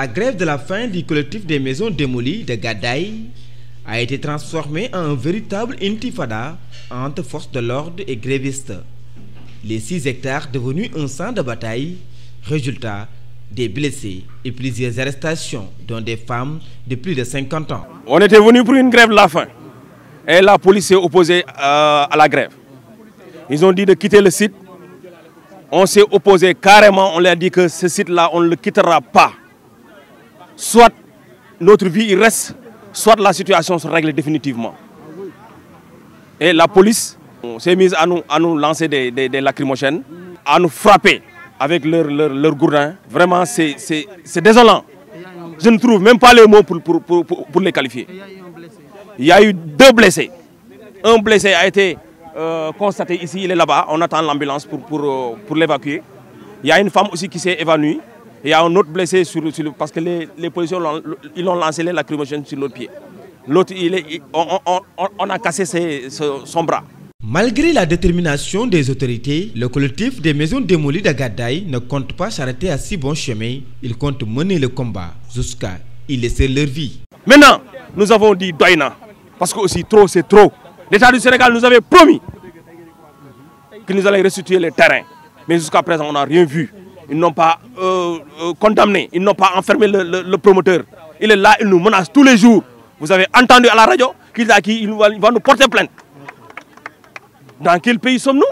La grève de la fin du collectif des maisons démolies de Gadaï a été transformée en un véritable intifada entre forces de l'ordre et grévistes. Les 6 hectares devenus un champ de bataille, résultat des blessés et plusieurs arrestations, dont des femmes de plus de 50 ans. On était venu pour une grève de la faim et la police s'est opposée euh, à la grève. Ils ont dit que ce site on ne le quittera pas. soit notre vie y reste, soit la situation se règle définitivement. Et la police s'est mise à nous, à nous lancer des, des, des lacrymogènes, à nous frapper avec leur, gourdin. Vraiment, c'est désolant. Je ne trouve même pas les mots pour, pour, pour, pour, les qualifier. Il y a eu deux blessés. Un blessé a été euh, constaté ici, il est là-bas. On attend l'ambulance pour, pour, euh, pour l'évacuer. Il y a une femme aussi qui s'est évanouie. Il y a blessé parce que les, les ont, lancé les sur le pied. on, on, on, a cassé son bras. Malgré la détermination des autorités, le collectif des maisons démolies d'Agadaï ne compte pas s'arrêter à si bon chemin. Il compte mener le combat jusqu'à y laisser leur vie. Maintenant, nous avons dit Doïna, parce que aussi trop c'est trop. L'État du Sénégal nous avait promis que nous allions restituer les terrains. Mais jusqu'à présent, on n'a rien vu. ils n'ont pas euh, euh, condamné, ils n'ont pas enfermé le, le, le, promoteur. Il est là, il nous menace tous les jours. Vous avez entendu à la radio qu'il qui il va, va nous porter plainte. Dans quel pays sommes-nous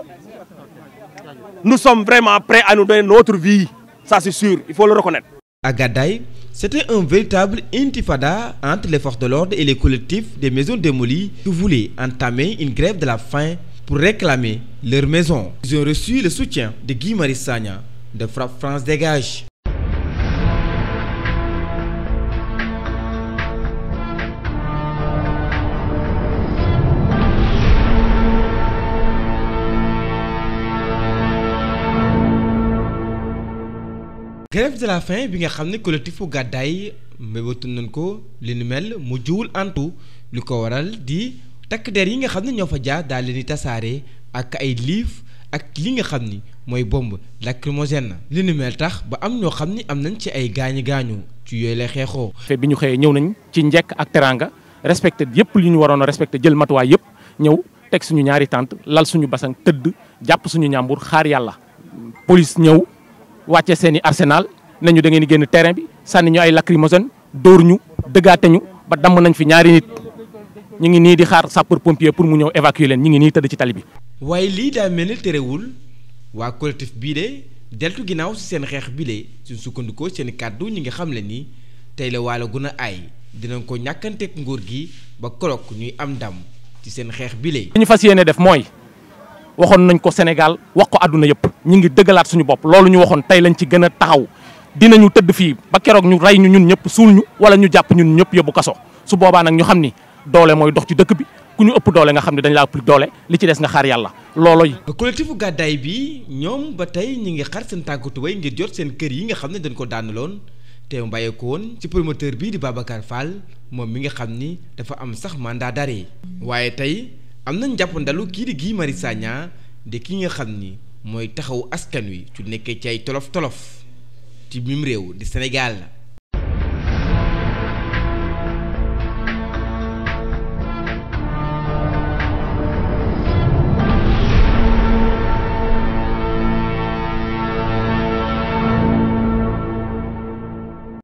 Nous sommes vraiment prêts à nous donner notre vie. Ça c'est sûr, il faut le reconnaître. À c'était un véritable intifada entre les forces de l'ordre et les collectifs des maisons démolies qui voulaient entamer une grève de la faim pour réclamer leur maison. de frappe de la faim bi nga xam ne collectifu gàddaay mbébétu nañ ko li nu mel mu jiwul antu lu ko waral di takk der yi nga xam ne ñoo fa jaar daal leen di tasaare ak ay liif ak li nga xam ni mooy bombe lacrymogène li ni mel tax ba am ñoo xam ni am nañ ci ay gaañu gaañu ci yooyu lay xeexoo. te bi ñu xëyee ñëw nañ ci njekk ak teraanga respecté yëpp li ñu waroon a respecté jël matuwaay yëpp ñëw teg suñu ñaari tànt lal suñu basang tëdd jàpp suñu ñàmbur xaar yàlla. police ñëw wàcce seen i arsenal nañu da ngeen di génn terrain bi sànni ñu ay lacrymogène dóor ñu dëggaate ñu ba damm nañ fi ñaari nit. ñu ngi nii di xaar sapeur pompier pour mu ñëw évacuer leen ñu ngi nii tëdd ci tali bi. waaye lii daa mel ni terewul waa collectif bii de deltu ginnaaw si seen xeex bi de suñ sukkandikoo seen kàddu ñi ngi xam le ni tey la waalo a aay dinañ ko ñàkkanteeg nguur gi ba koroog ñuy am ndam ci seen xeex bi de. li fas yéene def mooy waxoon nañ ko Sénégal wax ko àdduna yëpp ñu ngi dëggalaat suñu bopp loolu ñu waxoon tey lañ ci gën a taxaw dinañu tëdd fii ba keroog ñu rey ñu ñun ñëpp suul ñu wala ñu jàpp ñun ñëpp yóbbu kaso su boobaa nag ñu xam ni doole mooy dox ci dëkk bi ku ñu ëpp doole nga xam ne dañ laa ëpp doole li ci des nga xaar yàlla loolooy. collectifu gàddaay bi ñoom ba tey ñu ngi xar seen tàggatuway ngir jot seen kër yi nga xam ne dañ ko daanaloon te mu woon ci promoteur bii di Babacar Fall moom mi nga xam ni dafa am sax mandat d'arrêt waaye tey am nañ jàppandalu kii di Guy Marius Sagna de ki nga xam ni mooy taxawu askan wi ci nekkee ci tolof tolof ci mim réew di Sénégal.